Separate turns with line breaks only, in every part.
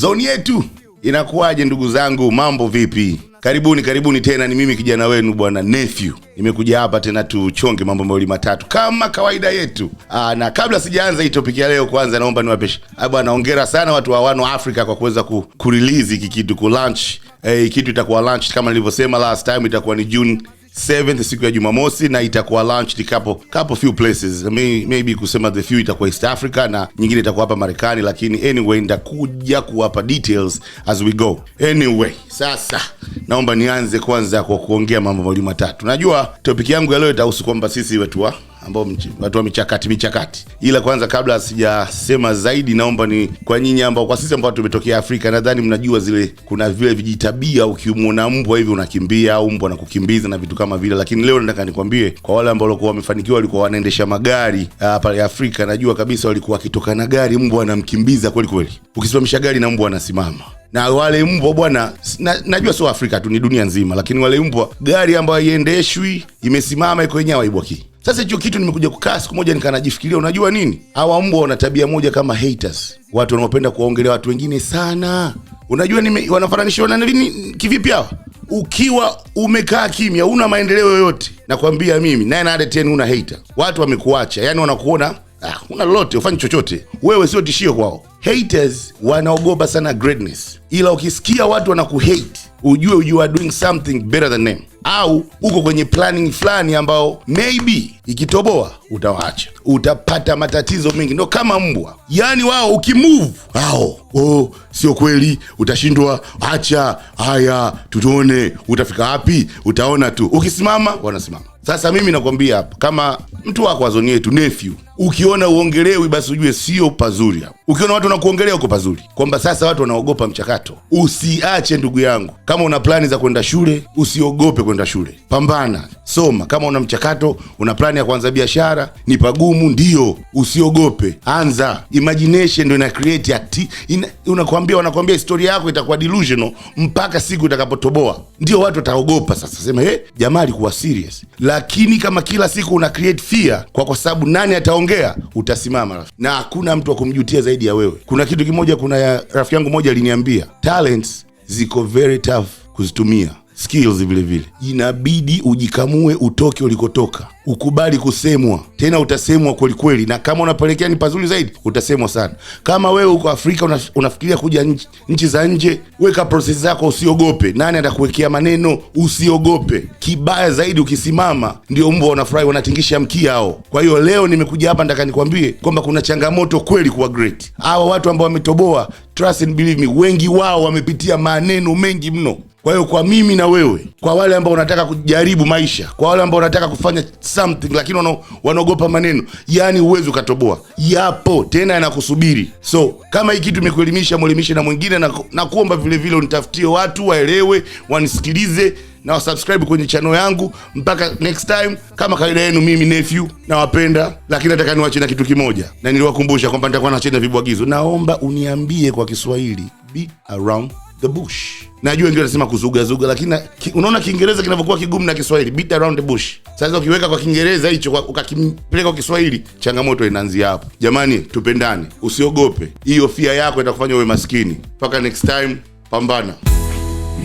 zoni yetu inakuwaje? Ndugu zangu, mambo vipi? Karibuni, karibuni tena, ni mimi kijana wenu bwana Nephew. Nimekuja hapa tena tuchonge mambo mawili matatu kama kawaida yetu. Aa, ah, na kabla sijaanza hii topic ya leo, kwanza naomba niwapeshe ah, bwana, ongera sana watu wa wano Africa kwa kuweza kurelease hiki kitu ku launch. Eh, kitu itakuwa lunch kama nilivyosema last time, itakuwa ni June 7th siku ya Jumamosi na itakuwa launched couple couple few places May, maybe kusema the few itakuwa East Africa na nyingine itakuwa hapa Marekani, lakini anyway ndakuja kuwapa details as we go. Anyway, sasa naomba nianze kwanza kwa kuongea mambo mawili matatu. Najua topic yangu ya leo itahusu kwamba sisi wetu wa ambao watu wa michakati michakati. Ila kwanza, kabla sijasema zaidi, naomba ni kwa nyinyi ambao, kwa sisi ambao tumetokea Afrika, nadhani mnajua zile, kuna vile vijitabia, ukimwona mbwa hivi unakimbia au mbwa anakukimbiza na vitu kama vile. Lakini leo nataka nikwambie, kwa wale ambao walikuwa wamefanikiwa, walikuwa wanaendesha magari ah, pale Afrika, najua kabisa walikuwa wakitoka na gari, mbwa anamkimbiza kweli kweli, ukisimamisha gari na mbwa anasimama na wale mbwa bwana na, najua sio Afrika tu, ni dunia nzima, lakini wale mbwa, gari ambayo iendeshwi imesimama iko yenyewe haibwaki. Sasa hicho kitu nimekuja kukaa siku moja nikanajifikiria, unajua nini, hawa mbwa wana tabia moja kama haters, watu wanaopenda kuwaongelea watu wengine sana. Unajua wanafananishwa na nini? Kivipi hawa? Ukiwa umekaa kimya, una maendeleo yoyote, nakwambia mimi naye na una hater, watu wamekuacha, yani wanakuona ah, una lolote, ufanyi chochote, wewe sio tishio kwao haters wanaogopa sana greatness, ila ukisikia watu wanakuhate ujue you are doing something better than them, au uko kwenye planning fulani ambao maybe ikitoboa utawaacha, utapata matatizo mengi. Ndo kama mbwa, yani wao ukimove ao oh, sio kweli, utashindwa, acha haya, tutuone utafika wapi. Utaona tu ukisimama, wanasimama. Sasa mimi nakwambia hapa, kama mtu wako wazoni yetu nephew Ukiona uongelewi basi ujue sio pazuri hapo. Ukiona watu wanakuongelea uko pazuri, kwamba sasa watu wanaogopa mchakato. Usiache ndugu yangu, kama una plani za kwenda shule usiogope kwenda shule, pambana, soma. Kama una mchakato, una plani ya kuanza biashara, ni pagumu, ndio, usiogope, anza. Imagination ndo ina create ati, ina, unakwambia wanakwambia historia yako itakuwa delusional mpaka siku itakapotoboa, ndio watu wataogopa. Sasa sema hey, eh, jamaa alikuwa serious, lakini kama kila siku una create fear kwa kwa sababu nani ataongelea ukiongea utasimama rafi. na hakuna mtu wa kumjutia zaidi ya wewe. Kuna kitu kimoja, kuna ya rafiki yangu moja aliniambia, talents ziko very tough kuzitumia skills vile vile, inabidi ujikamue, utoke ulikotoka, ukubali kusemwa. Tena utasemwa kwelikweli, na kama unapelekea ni pazuri zaidi, utasemwa sana. Kama wewe uko Afrika una, unafikiria kuja nchi, nchi za nje, weka proses zako, usiogope. Nani atakuwekea maneno? Usiogope. Kibaya zaidi, ukisimama ndio mbwa wanafurahi, wanatingisha mkia hao. Kwa hiyo leo nimekuja hapa, nataka nikwambie kwamba kuna changamoto kweli kuwa great. Hawa watu ambao wametoboa, trust and believe me, wengi wao wamepitia maneno mengi mno. Kwa hiyo kwa mimi na wewe, kwa wale ambao unataka kujaribu maisha, kwa wale ambao unataka kufanya something lakini wanaogopa maneno, yani huwezi ukatoboa, yapo tena yanakusubiri. So kama hii kitu imekuelimisha, mwelimishe na mwingine, na, na kuomba vile vile unitafutie watu waelewe, wanisikilize na wasubscribe kwenye channel yangu. Mpaka next time, kama kawaida yenu, mimi nephew nawapenda, lakini nataka niwache na kitu kimoja, na niliwakumbusha kwamba nitakuwa nacheza vibwagizo. Naomba uniambie kwa Kiswahili, be around the bush. Najua wengine wanasema kuzugazuga, lakini unaona Kiingereza kinavyokuwa kigumu na Kiswahili, beat around the bush. Sasa ukiweka kwa Kiingereza hicho ukakipeleka kwa Kiswahili, changamoto inaanzia hapo. Jamani, tupendane, usiogope. Hiyo fia yako itakufanya uwe maskini. Mpaka next time, pambana.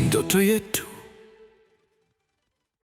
Ndoto yetu